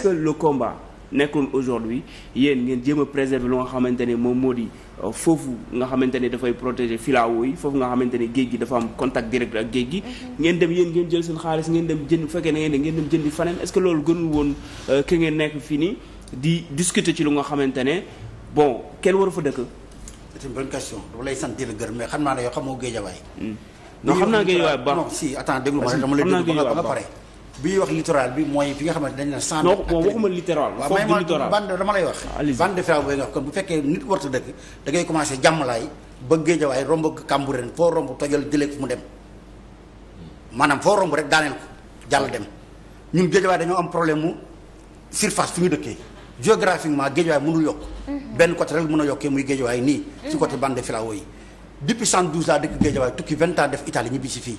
est-ce que le combat nekkul aujourd'hui yéen ngeen jéem a préserver lu nga xamante ne moom moo di euh, foofu nga xamante ne dafay protéger filao yi foofu nga xamante ne géej gi dafa am contact direct ak géej gi. Mhm. ngeen dem yéen ngeen jël seen xaalis ngeen dem jënd bu fekkee ne ngeen ngeen dem jëndi faneen est-ce que loolu gënul woon euh, ki nekk fii nii di discuter ci lu nga xamante ne bon kenn waru fa dëkk. c'est une bonne lay sant di la mais xam naa ne yow xamoo géejawaay. non xam naa géejawaay bu baax non si ma dama lay déglu ba pare. bi wax littoral bi mooy fi nga xamante dañ na cent non waxuma littoral foofu dama lay wax ah, ban de faaw bay nga wax kon bu fekkee nit warta dëkk da ngay commencé jàmmalaay ba géejawaay romb Cambérène foo romb tojal jëlee ko mu dem maanaam foo romb rek daaneel ko jàll dem ñun géejawaay dañoo am problème mu surface fi ñu dëkkee géographiquement géejawaay mënul yokk mhm. benn côté rek mën a yokkee muy géejawaay nii ci mhm. côté bande de filao yi depuis 112 laa dëkk géejawaay tukki 20 ans def Italie fii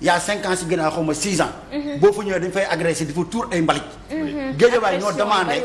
yaa a cinq ans si ginnaaw xaw ma six ans. Mhm. boo fa ñëwee dañ fay agressé di fa tuur ay mbalit. Mhm. Mhm. géejawaay ñoo demandé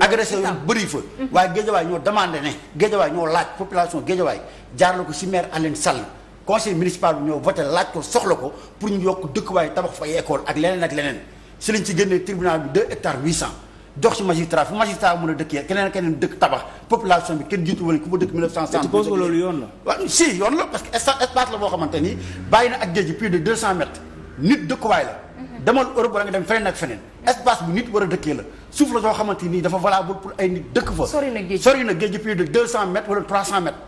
agressé yu bëri fa. waaye géejawaay ñoo demande ne géejawaay ñoo laaj population géejawaay jaarale ko si maire Alioune Sall conseil municipal bi ñoo voté laaj ko soxla ko pour ñu yokk dëkkuwaay tabax fa ay école ak leneen ak leneen si lañ ci génnee tribunal bi deux hectares huit cent. jox ci magistrat fu magistrat mën a dëkkee keneen keneen dëkk tabax population bi kenn jiitu wala ku ma dëkk 1960. te loolu yoon la. waaw si yoon la parce que ni bàyyi na ak géej gi plus de mhm. demal Europe wala nga dem feneen ak feneen. Mhm. espace bu nit war a dëkkee la suuf la soo xamante nii dafa valable pour ay nit dëkk fa. sori na géej sori na géej gi plus de 200 mètres wala 300 mètres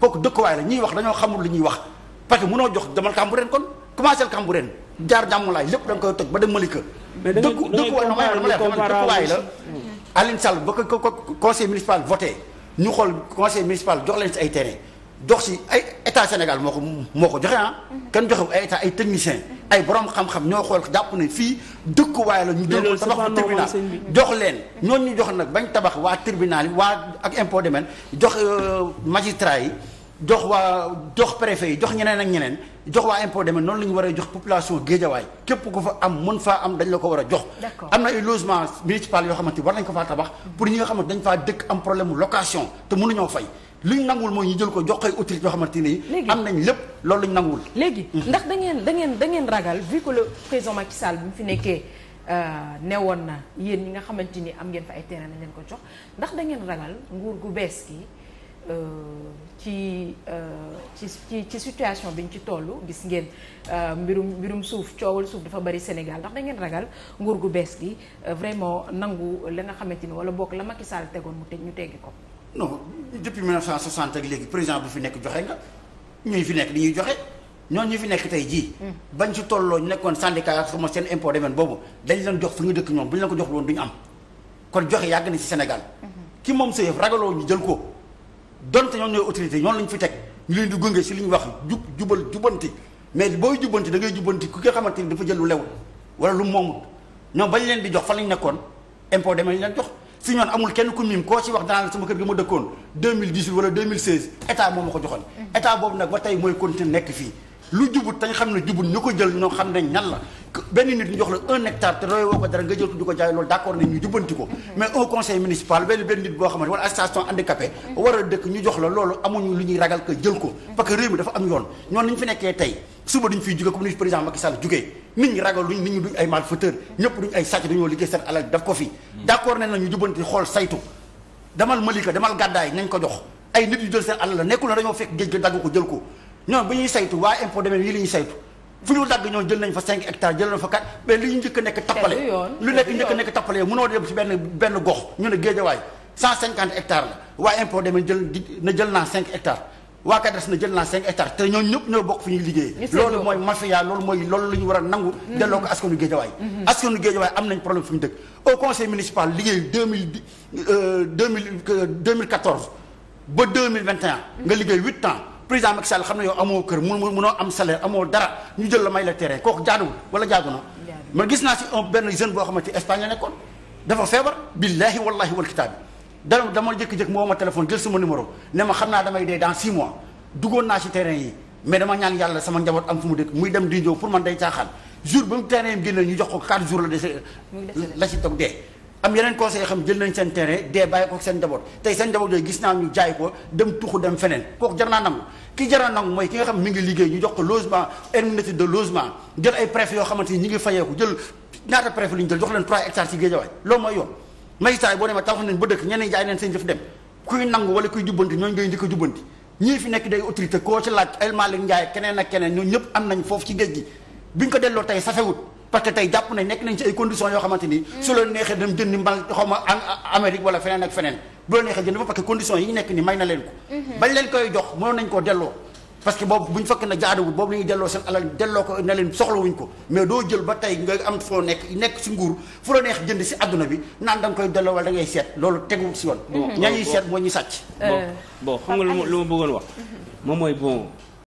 kooku dëkkuwaay la ñuy wax dañoo xamul li ñuy wax parce que mënoo jox demal Cambérène kon commencé Cambérène jaar jàmmulaay lépp da koy toj ba dem Malika. mais da ngay da ngay dëkkuwaay la Aline Sall ba ko conseil municipal voté ñu xool conseil municipal jox leen si ay terrain dox si ay état Sénégal moo ko moo ko joxe ah. Mhm. kenn joxe ay état ay technicien ay borom xam-xam ñoo xool jàpp ne fii dëkkuwaay la ñu doon ko tabax bu tribunal jox leen ñooñu ñu jox nag bañ tabax waa tribunal waa ak impôt domaine jox euh, magistrat yi. jox waa jox préfet yi jox ñeneen ak ñeneen jox waa impôt demee noonu la ñu war a jox population géejawaay képp ku fa am mën faa am dañ la ko war a jox am na ay logement municipal yoo xamante war nañ ko faa tabax pour ñi nga xamante dañ faa dëkk am problème mu location te mënuñoo fay li ñu nanguwul mooy ñu jël ko jox koy autorité yoo xamante ni am nañ lépp loolu la ñu nanguwul léegi mm-hmm. ndax da ngeen da ngeen da ragal vu ko le président Macky Sall bi mu fi nekkee euh, newoon na yéen ñi nga xamante ni am ngeen fa ay terrain nañ leen ko jox ndax da ngeen ragal nguur gu bees gi ci ci ci ci situation biñ ci toll gis ngeen euh, mbirum mbirum suuf coowal suuf dafa bari Sénégal ndax da ngeen ragal nguur gu bees gi euh, vraiment nangu la nga xamante ni wala bokk la Macky Sall tegoon mu teg ñu teggi ko. non depuis 1960 ak léegi président bu fi nekk joxe nga ñuy fi nekk di ñuy joxe ñooñu ñu fi nekk tey jii. Hmm. bañ ci tolloo ñu nekkoon syndicat ak sama seen impôt demeen boobu dañ leen jox fi nga dëkk ñoom bu ñu leen ko jox woon du ñu am kon joxe yàgg na ci Sénégal. Hmm. moom sa yëf ragaloo ñu jël ko. donte ñoom ñooy autorité ñoom lañ fi teg ñu leen di gunge si li ñuy wax jub jubal jubanti mais booy jubanti da ngay jubanti ku nga xamante ni dafa jël lu lewul wala lu moomut ñoom bañ leen di jox fan lañ nekkoon impôt demee lañ leen jox si ñoon amul kenn ku miim koo ci wax danaa la sama kër gi ma dëkkoon 2018 wala 2016 état moom ma ko joxoon mm. état boobu nag ba tey mooy continuer nekk fii lu jubut te xam ne jubut ñu ko jël ñoo xam ne ñan la benn nit ñu jox la un hectare te roy woo ko dara nga jël ko ko jaay loolu d'accord nañ ñu jubbanti ko mais au conseil municipal benn benn nit boo xam ne wala association handicapé war a dëkk ñu jox la ko parce que réew mi dafa am yoon ñoom niñ fi nekkee tey suba duñ fiy jóge comme ni président Macky Sall jógee nit ñi ragal luñ nit ñi duñ ay malfaiteur ñëpp duñ ay sàcc dañoo liggéey seen alal daf ko fi d'accord nañ la ñu jubbanti xool saytu demal Malika demal gàddaay nañ ko jox ay nit yu jël seen alal la nekkul na dañoo fekk géej ga dagg ko jël ko ñoom bi ñuy saytu waa impôt domaine yi la ñuy saytu fu ñu dagg ñoom jël nañ fa 5 hectares jël nañ fa 4 mais li ñu njëkk a nekk tappale lu nekk njëkk a nekk dem ci benn gox ñu ne géejawaay 150 hectares la waa impôt domaine jël na jël naa 5 hectares waa cadastre na jël naa 5 hectares te ñoom ñëpp ñoo bokk fi ñuy liggéeyee loolu mooy mafia loolu mooy loolu la ñu war a nangu mm-hmm. delloo ko askanu géejawaay mm-hmm. askanu géejawaay am nañ problème fi ñu dëkk au conseil président Macky Sall xam ne yow amoo kër mun munoo am salaire amoo dara ñu jël la may la terrain kooku jaaduwul wala jaagu na ma gis naa si un benn jeune boo xam Espagne la nekkoon dafa feebar billaahi wallaahi wal kitaab bi dara dama jëkki-jëkk moo ma téléphone jël sama numéro ne ma xam naa damay dee dans six mois duggoon naa si terrain yi mais dama ñaan yàlla sama njaboot am fu mu dëkk muy dem di ñëw pour man day caaxaan jour ba mu terrain yi génne ñu jox ko quatre jours la la si toog dee am yeneen conseil yoo xam jël nañ seen terrain dee bàyyi ko seen njaboot tey seen njaboot yooyu gis naa ñu jaay ko dem tuxu dem feneen kooku jar naa nangu ki jar nangu mooy ngi liggéey ñu jox ko logement indemnité de logement jël ay préfet yoo xamante ni ñi ngi fayeeku jël ñaata préfet li ñu jël jox leen 3 hectares ci Géejawaay loolu mooy yoon magistrat yi boo demee taxaw nañ ba dëkk ñeneen jaay neen seen jëf dem kuy nangu wala kuy jubbanti ñooñu ngay njëkk a jubbanti ñii fi nekk day autorité koo ci laaj keneen ak keneen ñoo ñëpp am nañ foofu ci géej gi biñ parce que tey jàpp nañ nekk nañ ci ay conditions yoo xamante ni. su la neexee dem jëndi mbal xaw ma Amérique wala feneen ak feneen bu la neexee jënd nekk ni na leen ko. Mhm. bañ leen koy jox mënoon nañ koo delloo. parce que boobu bu ñu fekk na jaaduwul boobu delloo seen alal delloo ko na leen soxlawuñ ko mais doo jël ba tey nga am foo nekk nekk si nguur fu la neex jënd si àdduna bi naan da nga koy delloo wala da ngay seet loolu teguwul si yoon. Mhm. ña seet moo ñuy sàcc. bon xam nga lu ma bëggoon wax. Mhm. moom mooy bon